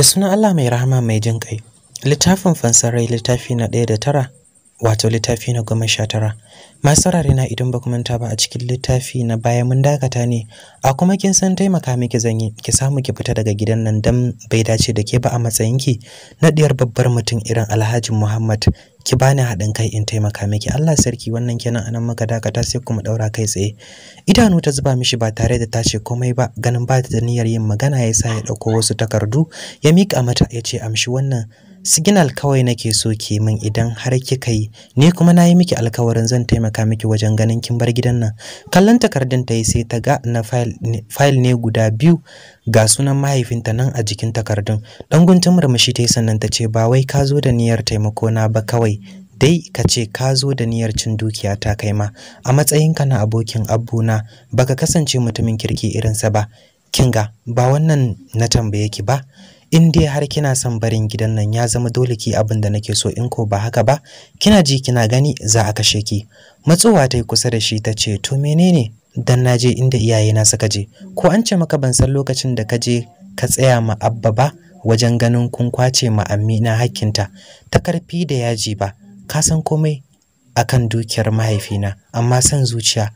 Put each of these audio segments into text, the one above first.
da suna Allah mai rahama mai jin kai littafin fansar rai littafi na ɗaya da tara wato littafi na goma sha tara masu sarari na idan ba ku manta ba a cikin littafi na baya mun dakata ne a kuma kin san taimaka miki zanyi ki samu ki fita daga gidan nan dan bai dace da ke ba a matsayinki na ɗiyar babbar mutum irin Alhaji Muhammad ki bani haɗin kai in taimaka miki Allah sarki wannan kenan anan muka dakata sai kuma ɗaura kai tsaye idanu ta zuba mishi ba tare da tace komai ba ganin ba ta niyyar yin magana ya sa ya dauko wasu takardu ya mika mata ya ce amshi wannan signal kawai nake so ki min idan har kika yi ni kuma nayi miki alkawarin zan taimaka miki wajen ganin kin bar gidan nan kallon takardun ta yi sai ta ga na file ne guda biyu ga sunan mahaifinta nan a jikin takardun dan guntun murmushi ta yi sannan ta ce ba wai ka zo da niyyar taimakona ba kawai dai ka ce ka zo da niyyar cin dukiya ta kai ma a matsayinka na abokin abbuna baka kasance mutumin kirki irinsa ba kinga ba wannan na tambaye ki ba in dai har kina son barin gidan nan ya zama dole ki abin da nake so in ko ba haka ba kina ji kina gani za a kashe ki matsowa ta yi kusa da shi ta ce to menene dan naje je inda iyayena suka je ko an ce maka ban san lokacin da ka je ka tsaya ma abba ba wajen ganin kun kwace ma amina hakkinta ta karfi da yaji ba ka san komai akan dukiyar mahaifina amma san zuciya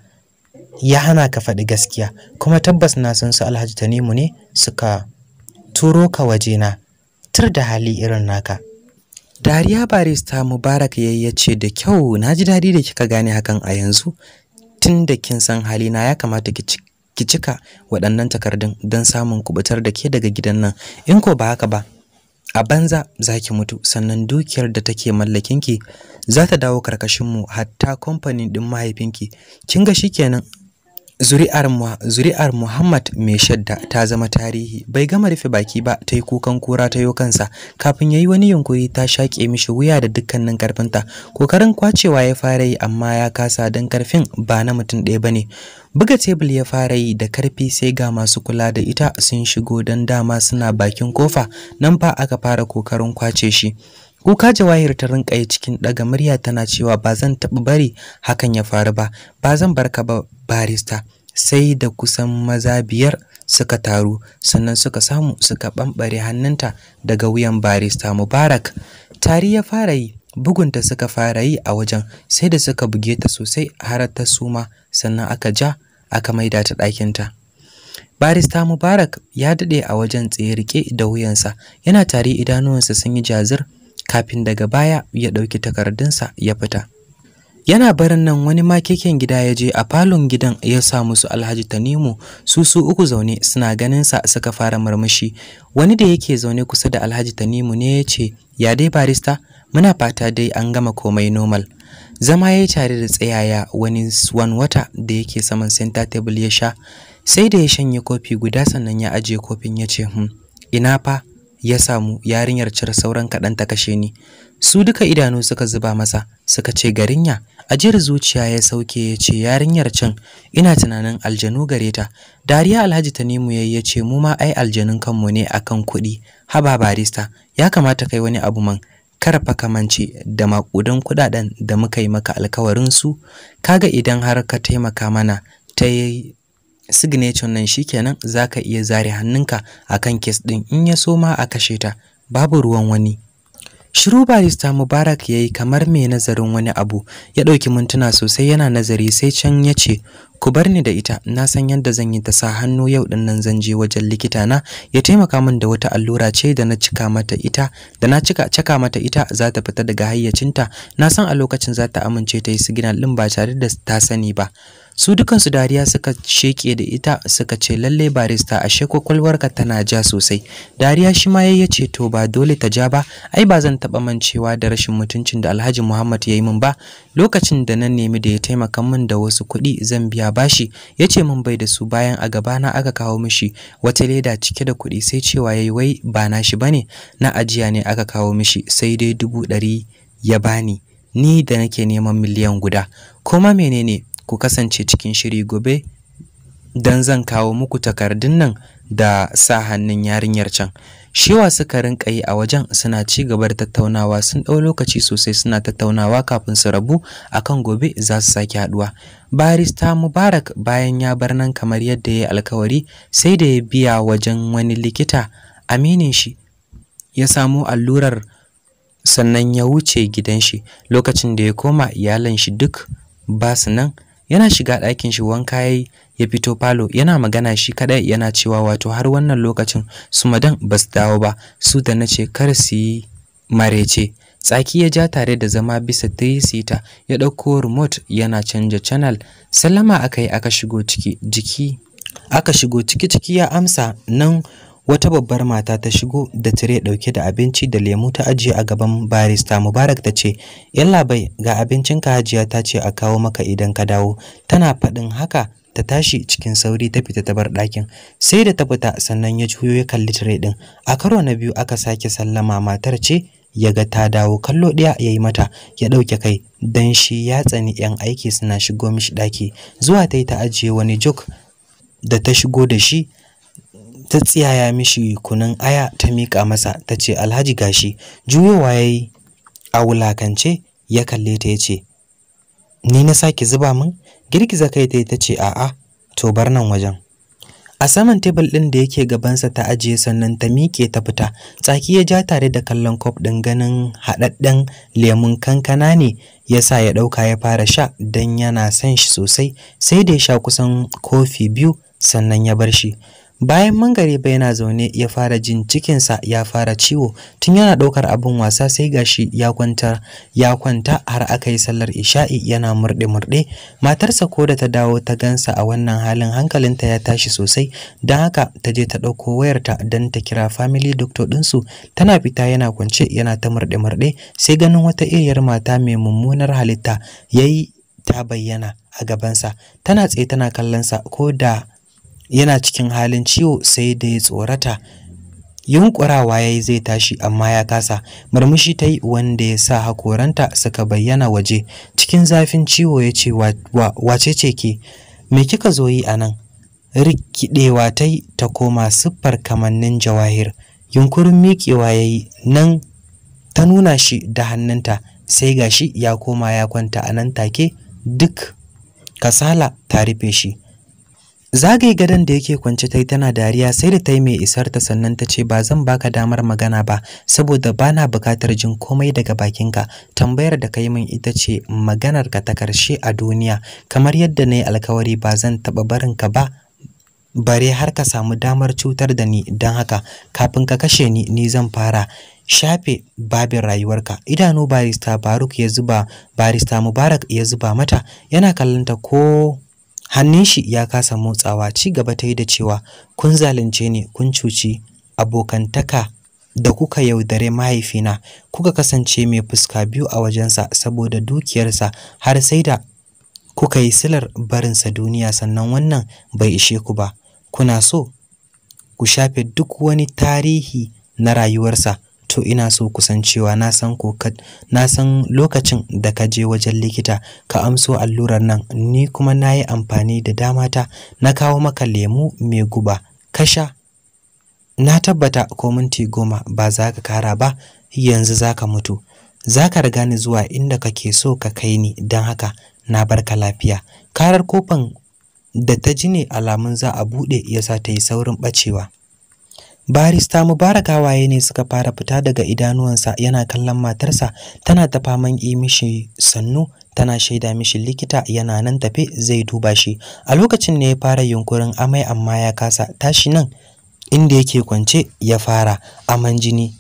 ya hana ka faɗi gaskiya kuma tabbas na san su alhaji tanimu ne suka turo ka wajena tur da hali irin naka dariya barista mubarak yayyace da kyau na ji daɗi da kika gane hakan a yanzu tun da kin san halina ya kamata ki cika waɗannan takardun don samun kubutar da ke daga gidan nan in ko ba haka ba a banza za ki mutu sannan dukiyar da take mallakinki za ta dawo karkashinmu hatta kamfanin ɗin mahaifinki kin ga shi shikenan Zuri'ar zuri'ar Muhammad mai shadda ta zama tarihi bai gama rufe baki ba ta yi kukan kura ta kansa kafin ya yi wani yunkuri ta shaƙe mishi wuya da dukkanin karfinta kokarin kwacewa ya fara yi amma ya kasa don karfin ba na mutum ɗaya ba ne. buga tebul ya fara yi da karfi sai ga masu kula da ita sun shigo don dama suna bakin kofa nan fa aka fara kokarin kwace shi Kuka Jawahir ta rinka yi cikin daga murya tana cewa ba zan taɓa bari hakan ya faru ba, ba zan barka ba barista. Sai da kusan maza biyar suka taru sannan suka samu suka ɓamɓare hannunta daga wuyan barista Mubarak. Tari ya fara yi, bugunta suka fara yi a wajen sai da suka buge ta sosai har ta suma sannan aka ja aka maida ta ɗakinta. Barista Mubarak ya daɗe a wajen tsaye da wuyansa, yana tari idanuwansa sun yi jazir kafin daga baya ya ɗauki takardunsa ya fita. Yana barin nan wani makeken gida ya je a falon gidan ya sa musu Alhaji Tanimu su su uku zaune suna ganinsa suka fara murmushi. Wani da yake zaune kusa da Alhaji Tanimu ne ya ce, "Ya dai barista, muna fata dai an gama komai normal." Zama ya yi tare da tsayaya wani swan wata da yake saman center table ya sha, sai da ya shanye kofi guda sannan ya ajiye kofin ya ce, hmm, ina fa?" ya samu yarinyar cir sauran kaɗan ta kashe ni su duka idanu suka zuba masa suka ce garinya ajiyar zuciya ya sauke ya ce yarinyar can ina tunanin aljanu gare ta dariya alhaji tanimu yayi ya ce mu ma ai aljanun kanmu ne akan kuɗi haba barista ya kamata kai wani abu man fa kamance da maƙudan kuɗaɗen da muka yi maka alkawarin su kaga idan har ka taimaka mana ta signature nan shikenan zaka iya zare hannunka akan case din in ya so ma a kashe ta babu ruwan wani Shiru barista Mubarak yayi kamar mai nazarin wani abu ya ɗauki mintuna sosai yana nazari sai can ya ce ku bar ni da ita na san yadda zan yi ta sa hannu yau din nan zan je wajen likita na ya taimaka min da wata allura ce da na cika mata ita da na cika caka mata ita za ta fita daga hayyacinta na san a lokacin za ta amince ta yi signal ɗin ba tare da ta sani ba su dukansu dariya suka sheke da ita suka ce lallai barista ashe kwakwalwarka tana ja sosai dariya shi ma ya ce to ba dole ta ja ba ai ba zan taɓa mancewa da rashin mutuncin da alhaji muhammad ya yi min ba lokacin da nan nemi da ya taimaka min da wasu kuɗi zan biya bashi yace mun min bai da su bayan a gaba na aka kawo mishi wata leda cike da kuɗi sai cewa yayi wai ba na shi ba na ajiya ne aka kawo mishi sai dai dubu ɗari ya bani ni da nake neman miliyan guda koma menene ku kasance cikin shiri gobe don zan kawo muku takardun nan da sa hannun yarinyar can Shiwa suka rinka yi a wajen suna ci gaba tattaunawa sun ɗau lokaci sosai suna tattaunawa kafin su rabu akan gobe za su sake haɗuwa barista mubarak bayan ya bar nan kamar yadda ya yi alkawari sai da ya biya wajen wani likita aminin shi ya samo allurar sannan ya wuce gidan shi lokacin da ya koma iyalan shi duk ba su nan yana shiga ɗakin shi wanka yayi ya fito falo yana magana shi kadai yana cewa wato har wannan lokacin su madan ba su dawo ba su da na ce kar su yi marece tsaki ya ja tare da zama bisa tirisita ya ɗauko remote yana canja channel Salama aka yi aka shigo ciki jiki aka shigo ciki ciki ya amsa nan wata babbar mata ta shigo da tire dauke da abinci da lemu ta ajiye a gaban barista mubarak ta ce bai ga abincin ka hajiya ta ce a kawo maka idan ka dawo tana faɗin haka ta tashi cikin sauri ta fita ta bar ɗakin sai da ta fita sannan ya juyo ya kalli tire ɗin a karo na biyu aka sake sallama matar ce ya ga ta dawo kallo ɗaya ya yi mata ya ɗauke kai dan shi ya tsani 'yan aiki suna shigo mishi ɗaki zuwa ta yi ta ajiye wani juk da ta shigo da shi ta tsiyaya mishi kunun aya ta miƙa masa ta ce alhaji gashi juyowa ya yi a wulakance ya kalle ta ya ce ni na sake zuba min girgiza kai ta ta ce a'a to bar nan wajen a saman tebul ɗin da yake gabansa ta ajiye sannan ta miƙe ta fita tsaki ya ja tare da kallon kwaf ɗin ganin haɗaɗɗen lemun kankana ne ya sa ya ɗauka ya fara sha don yana son shi sosai sai da ya sha kusan kofi biyu sannan ya bar shi bayan mangareba yana zaune ya fara jin cikinsa ya fara ciwo tun yana ɗaukar abin wasa sai gashi ya kwanta ya kwanta har aka yi sallar isha'i yana murɗe-murɗe matarsa ko da ta dawo ta gansa a wannan halin hankalinta ya tashi sosai don haka ta je ta ɗauko wayarta don ta kira family doctor ɗinsu tana fita yana kwance yana ta murɗe-murɗe sai ganin wata iriyar mata mai mummunar halitta yayi ta bayyana a gabansa tana tsaye tana kallonsa ko da yana cikin halin ciwo sai da ya tsorata yunkurawa yayi zai tashi amma ya kasa murmushi ta yi wanda ya sa hakoranta suka bayyana waje cikin zafin ciwo ya ce wace ce ke me kika zo yi anan rikidewa ta yi ta koma siffar kamannin jawahir yunkurin miƙewa ya yi nan ta nuna shi da hannunta sai gashi ya koma ya kwanta anan take duk kasala ta rufe shi zagaye gadon da yake kwance tai tana dariya sai da tai mai isar ta sannan ta ce ba zan baka damar magana ba saboda bana bukatar jin komai daga bakinka tambayar da kai min ita ce maganar ka ta karshe a duniya kamar yadda na yi alkawari ba zan taba barin ka ba bare har ka samu damar cutar da ni don haka kafin ka kashe ni ni zan fara shafe babin rayuwarka idanu barista baruk ya zuba barista mubarak ya zuba mata yana kallonta ko hannun shi ya kasa motsawa ci gaba ta yi da cewa kun zalunce ni kun cuci abokantaka da kuka yaudare mahaifina kuka kasance mai fuska biyu a wajensa saboda dukiyarsa har sai da kuka yi silar barinsa duniya sannan wannan bai ishe ku ba kuna so ku shafe duk wani tarihi na rayuwarsa to ina so kusan cewa na san na san lokacin da ka je wajen likita ka amso allurar nan ni kuma na yi amfani da dama ta na kawo maka lemu mai guba Kasha, na tabbata ko minti goma ba za ka kara ba yanzu za ka mutu za ka riga ni zuwa inda kake so ka kai ni don haka na bar ka lafiya karar kofan da ta ji ne alamun za a buɗe yasa ta yi saurin ɓacewa barista mubaraka waye ne suka fara fita daga idanuwansa yana kallon matarsa tana ta faman yi mishi sannu tana shaida mishi likita yana nan tafe zai duba shi a lokacin ne ya fara yunkurin amai amma ya kasa tashi nan inda yake kwance ya fara aman jini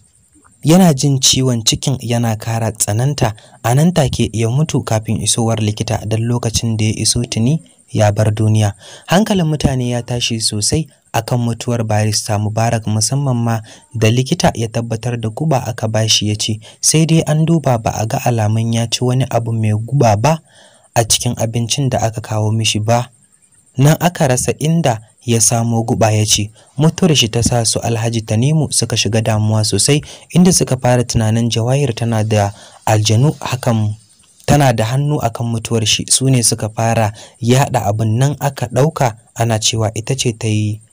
yana jin ciwon cikin yana kara tsananta a nan take ya mutu kafin isowar likita don lokacin da ya iso tuni ya bar duniya hankalin mutane ya tashi sosai akan mutuwar barista Mubarak musamman ma da likita ya tabbatar da guba aka bashi ya ce sai dai an duba ba a ga alamun ya ci wani abu mai guba ba a cikin abincin da aka kawo mishi ba nan aka rasa inda ya samo guba ya ce mutuwar shi ta sa su alhaji tanimu suka shiga damuwa sosai inda suka fara tunanin jawahir tana da aljanu hakan tana da hannu akan mutuwar shi su ne suka fara yaɗa abin nan aka ɗauka ana cewa ita ce ta yi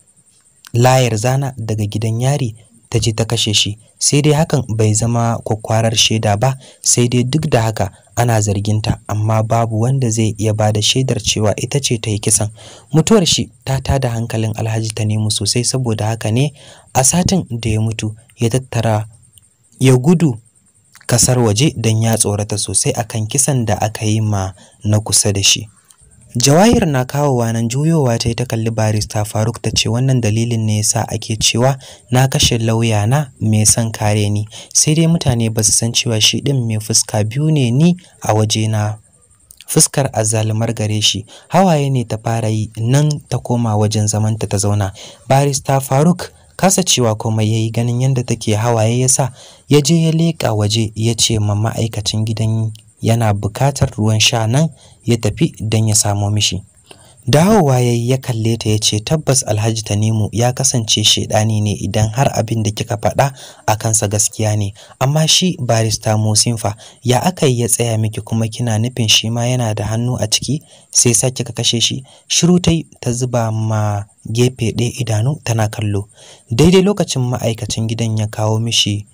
layar zana daga gidan yari ta je ta kashe shi sai dai hakan bai zama kwakwarar shaida ba sai dai duk da haka ana zarginta amma babu wanda zai iya ba da shaidar cewa ita ce ta yi kisan mutuwar shi ta tada hankalin alhaji ta nemu sosai saboda haka ne a satin da ya mutu ya tattara ya gudu kasar waje don ya tsorata sosai akan kisan da aka yi ma na kusa da shi Jawahir na kawowa nan juyowa ta yi ta kalli barista Faruk ta ce wannan dalilin ne yasa ake cewa na kashe lauya na mai son kare ni sai dai mutane ba su san cewa shi din mai fuska biyu ne ni a waje na fuskar azalmar gare shi hawaye ne ta fara yi nan ta koma wajen zaman ta ta zauna barista Faruk kasa cewa komai yayi ganin yadda take hawaye yasa ya je ya leka waje ya ce ma ma'aikacin gidan yana bukatar ruwan sha nan ya tafi don ya samo mishi dawowa ya yi ya kalle ta ya ce tabbas alhaji tanimu ya kasance shaidani ne idan har abin da kika faɗa a kansa gaskiya ne amma shi barista musinfa ya aka yi ya tsaya miki kuma kina nufin shi ma yana da hannu a ciki sai sa kika kashe shi shiru ta ta zuba ma gefe ɗaya idanu tana kallo daidai lokacin ma'aikacin gidan ya kawo mishi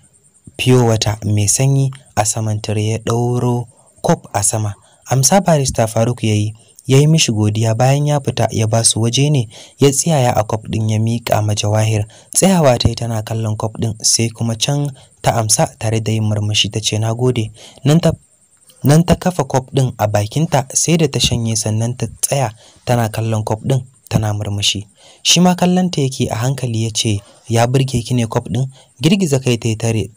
fiyo wata mai sanyi a saman ya ɗauro kwaf a sama amsa barista faruk ya yi ya yi mishi godiya bayan ya fita ya ba su waje ne ya tsiyaya a kwaf ɗin ya miƙa ma jawahir tsayawa ta yi tana kallon kwaf ɗin sai kuma can ta amsa tare da yin murmushi ta ce na gode nan ta nan ta kafa kwaf ɗin a bakinta sai da ta shanye sannan ta tsaya tana kallon kwaf ɗin tana murmushi shi ma kallonta yake a hankali ya ce ya burge ki ne kwaf ɗin girgiza kai ta tare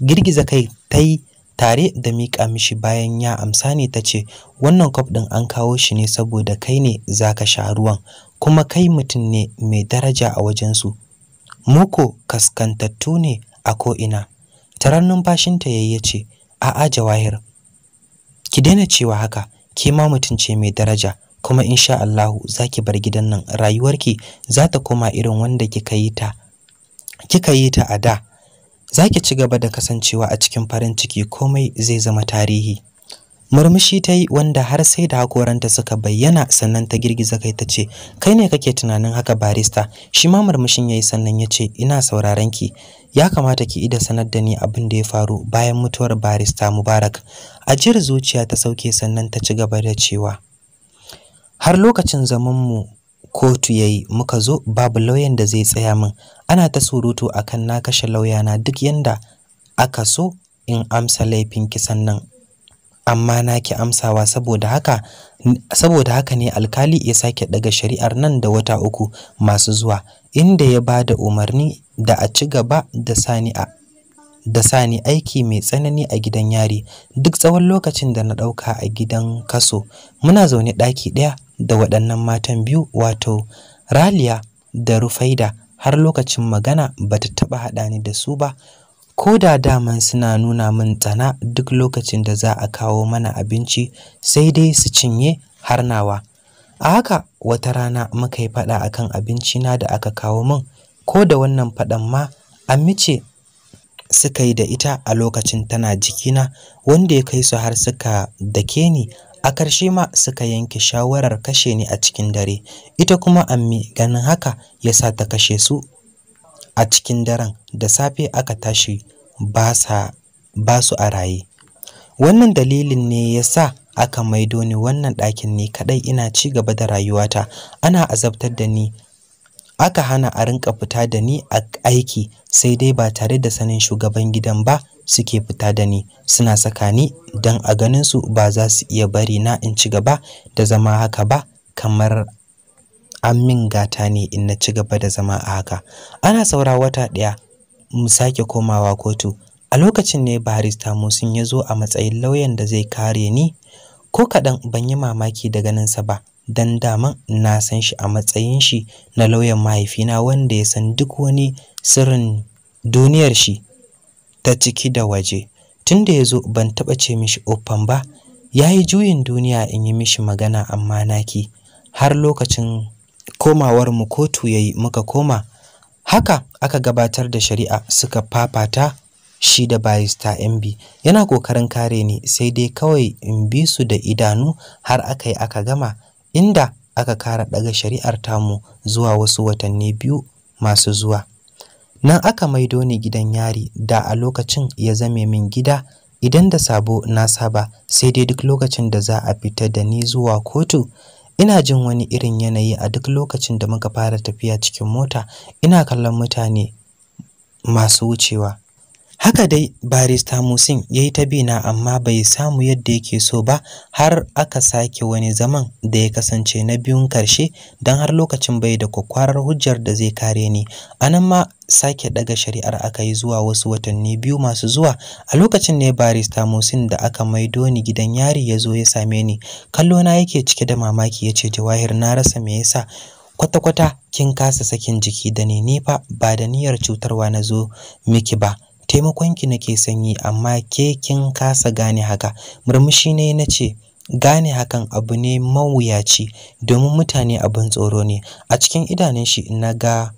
girgiza kai ta yi tare da miƙa mishi bayan ya amsa ne ta ce wannan kwaf ɗin an kawo shi ne saboda kai ne za ka sha ruwan kuma kai mutum ne mai daraja a wajensu muku kaskantattu ne a ko'ina tarar numfashinta yayi ya ce a'a jawahir ki daina cewa haka ke ma mutum ce mai daraja kuma insha Allahu za ki bar gidan nan rayuwarki za ta koma irin wanda kika yi ta a da za ki ci gaba da kasancewa a cikin farin ciki komai zai zama tarihi murmushi ta yi wanda har sai da hakoranta suka bayyana sannan ta girgiza kai ta ce kai ne kake tunanin haka barista shi ma murmushin ya yi sannan ya ce ina sauraron ki ya kamata ki ida sanar da ni abin da ya faru bayan mutuwar barista mubarak ajiyar zuciya ta sauke sannan ta ci gaba da cewa har lokacin zaman mu. kotu yayi muka zo babu lauyan da zai tsaya min ana ta surutu akan na kashe lauyana duk yanda aka so in amsa laifin kisan nan amma na ki amsawa saboda haka saboda haka ne alkali ya sake daga shari'ar nan da wata uku masu zuwa inda ya ba da umarni da a ci gaba da sani a da sani aiki mai tsanani a gidan yari duk tsawon lokacin da na ɗauka a gidan kaso muna zaune ɗaki ɗaya da waɗannan matan biyu wato raliya da rufaida har lokacin magana ba ta taɓa haɗa ni da su ba ko da daman suna nuna min tsana duk lokacin da za a kawo mana abinci sai dai su cinye har nawa a haka wata rana muka yi faɗa akan abinci na da aka kawo min ko da wannan faɗan ma an mice suka yi da ita a lokacin tana jikina wanda ya kai su har suka dake ni a ƙarshe ma suka yanke shawarar kashe ni a cikin dare ita kuma ammi ganin haka ya sa ta kashe su a cikin daren da safe aka tashi ba su a raye wannan dalilin ne ya sa aka maido ni wannan ɗakin ne kaɗai ina ci gaba da rayuwata ana azabtar da ni aka hana a rinka fita da ni a aiki sai dai ba tare da sanin shugaban gidan ba suke fita da ni suna saka ni don a ganin su ba za su iya bari na in ci gaba da zama haka ba kamar an min gata ne in na ci gaba da zama a haka ana saura wata ɗaya mu sake komawa kotu a lokacin ne barista musin ya zo a matsayin lauyan da zai kare ni ko kaɗan ban yi mamaki da ganinsa ba dan daman na san shi a matsayin shi na lauyan mahaifina wanda ya san duk wani sirrin duniyar shi ta ciki da waje tunda ya zo ban taɓa ce mishi ofan ba yayi juyin duniya in yi mishi magana amma naki har lokacin komawar mu kotu yayi muka koma haka aka gabatar da shari'a suka fafata shi da barista MB yana kokarin kare ni sai dai kawai in bi su da idanu har aka yi aka gama inda aka kara daga shari'ar tamu zuwa wasu watanni biyu masu zuwa nan aka maido ni gidan yari da a lokacin ya zame min gida idan da sabo na saba sai dai duk lokacin da za a fita da ni zuwa kotu ina jin wani irin yanayi a duk lokacin da muka fara tafiya cikin mota ina kallon mutane masu wucewa Haka dai barista Musin ya yi ta bina amma bai samu yadda yake so ba har aka sake wani zaman da ya kasance na biyun karshe don har lokacin bai da kwakwarar hujjar da zai kare ni. Anan nan ma sake daga shari'ar aka yi zuwa wasu watanni biyu masu zuwa a lokacin ne barista Musin da aka maido ni gidan yari ya zo ya same ni. Kallona yake cike da mamaki ya ce Jawahir na rasa me yasa kwata-kwata kin kasa sakin jiki da ni ni fa ba da niyyar cutarwa na zo miki ba taimakonki nake sanyi amma ke kin kasa gane haka murmushi ne nace gane hakan abu ne mawuyaci domin mutane abin tsoro ne a cikin idanun shi na ga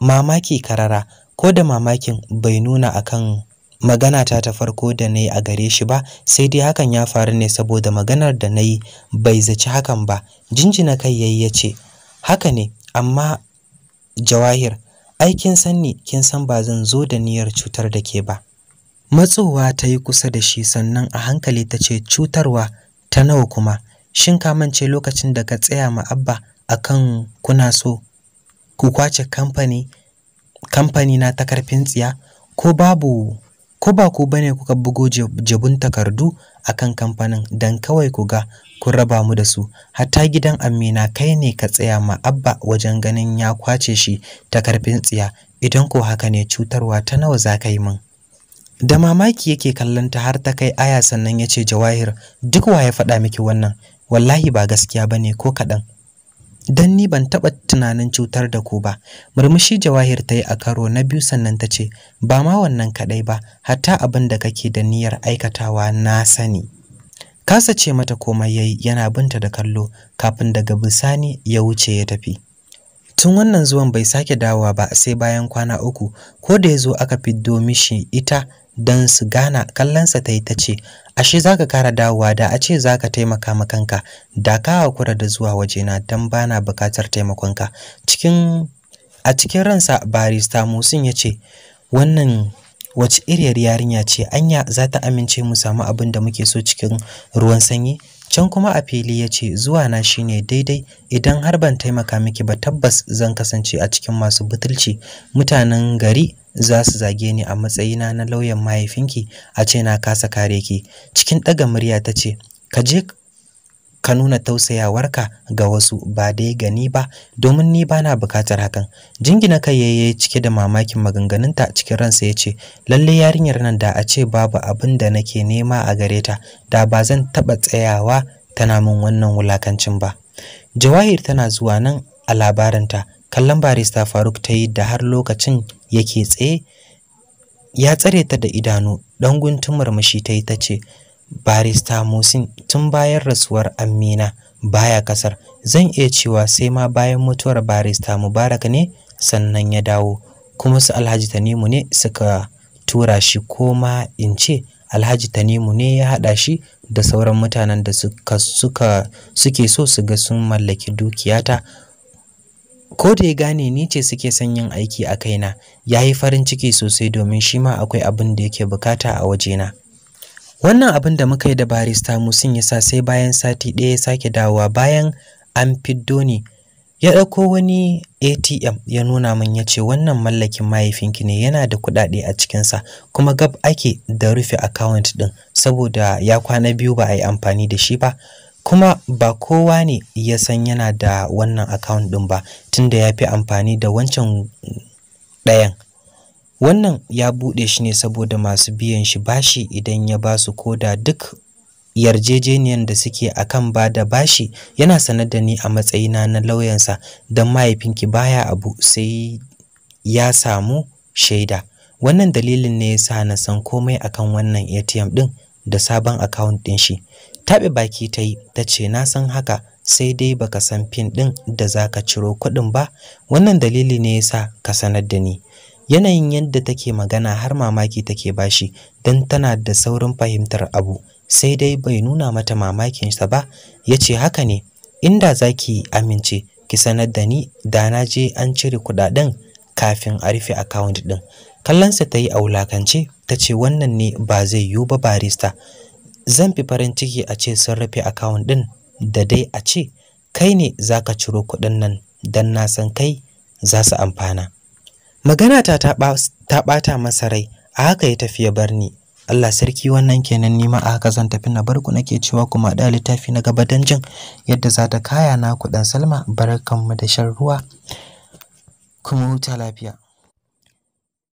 mamaki karara ko da mamakin bai nuna akan magana ta ta farko da nayi a gare shi ba sai dai hakan ya faru ne saboda maganar da nayi bai zaci hakan ba jinjina kai yayi yace haka ne amma jawahir ai kin san ni kin san ba zan zo da niyyar cutar da ke ba matsowa ta yi kusa da shi sannan a hankali ta ce cutarwa ta nawa kuma shin ka mance lokacin da ka tsaya ma abba akan kuna so ku kwace kamfani kamfani na ta karfin tsiya ko babu ko ba ku bane kuka bugo jabun takardu akan kamfanin dan kawai ku ga kun raba mu da su hatta gidan Amina kai ne ka tsaya ma Abba wajen ganin ya kwace shi ta karfin tsiya idan ko haka ne cutarwa ta nawa za ka yi min da mamaki yake kallon ta har ta kai aya sannan ya ce Jawahir duk wa ya faɗa miki wannan wallahi ba gaskiya bane ko kaɗan don ni ban taɓa tunanin cutar da ku ba murmushi jawahir ta yi a karo na biyu sannan ta ce ba ma wannan kaɗai ba hatta abin da kake da niyyar aikatawa na sani kasa ce mata komai yayi yana binta da kallo kafin daga bisani ya wuce ya tafi tun wannan zuwan bai sake dawowa ba sai bayan kwana uku ko da ya zo aka fiddo mishi ita don su gana kallonsa ta yi ta ce ashe za ka kara dawowa da a ce za ka taimaka makanka, da ka hakura da zuwa wajena don ba na bukatar taimakonka a cikin ransa barista musin ya ce wannan wace iriyar yarinya ce anya za ta amince mu samu abin da muke so cikin ruwan sanyi can kuma a fili ya ce zuwa na shine daidai idan har ban taimaka miki ba tabbas zan kasance a cikin masu butulci mutanen gari za su zage ni a matsayina na lauyan mahaifinki a ce na kasa kare ki cikin ɗaga murya ta ce ka je ka nuna tausayawarka ga wasu ba dai gani ba domin ni ba na bukatar hakan jingina kai yayye cike da mamakin maganganunta cikin ransa ya ce lalle yarinyar nan da a ce babu abin da nake nema a gare ta da ba zan taɓa tsayawa tana min wannan wulakancin ba jawahir tana zuwa nan a labarinta kallon barista faruk ta yi da har lokacin yake tsaye ya tsare ta da idanu don guntun murmushi ta yi ta ce barista Musin tun bayan rasuwar Amina baya kasar zan iya cewa sai ma bayan mutuwar barista Mubarak ne sannan ya dawo kuma su Alhaji Tanimu ne suka tura shi ko in ce Alhaji Tanimu ne ya haɗa shi da sauran mutanen da suka suka suke so su ga sun mallaki dukiyata ko da ya gane ni ce suke son yin aiki a kaina ya yi farin ciki sosai domin shi ma akwai abin da yake bukata a wajena wannan abin da muka yi da barista musin ya sa sai bayan sati ɗaya ya sake dawowa bayan an fiddo ni ya ɗauko wani atm ya nuna min ya ce wannan mallakin mahaifinki ne yana da kuɗaɗe a cikinsa kuma gab ake da rufe akawunt ɗin saboda ya kwana biyu ba a yi amfani da shi ba kuma ba kowa ne ya san yana da wannan akawunt ɗin ba tunda ya fi amfani da wancan ɗayan wannan ya bude shi ne saboda masu biyan shi bashi idan ya ba su koda duk yarjejeniyar da suke akan ba da bashi yana sanar da ni a matsayina na lauyansa don mahaifinki baya abu sai ya samu shaida wannan dalilin ne yasa na san komai akan wannan ATM din da sabon account din shi tabe baki ta yi ta ce na san haka sai dai baka san pin din da zaka ciro kuɗin ba wannan dalili ne yasa ka sanar da ni yanayin yadda take magana har mamaki take bashi don tana da saurin fahimtar abu sai dai bai nuna mata mamakinsa ba ya ce haka ne inda za ki amince ki sanar da ni da na je an cire kudaden kafin a rufe account ɗin. kallonsa ta yi a wulakance ta ce wannan ne ba zai yiwu ba barista zan fi farin ciki a ce sun rufe account ɗin, da dai a ce kai ne za ka ciro kuɗin nan don na san kai za su amfana magana ta ta ɓata masa rai a haka ya tafi ya bar ni Allah sarki wannan kenan nima a haka zan tafi na barku nake cewa kuma da littafi na gaba dan jin yadda za ta kaya na ku Salma, Salma mu da shan ruwa kuma huta lafiya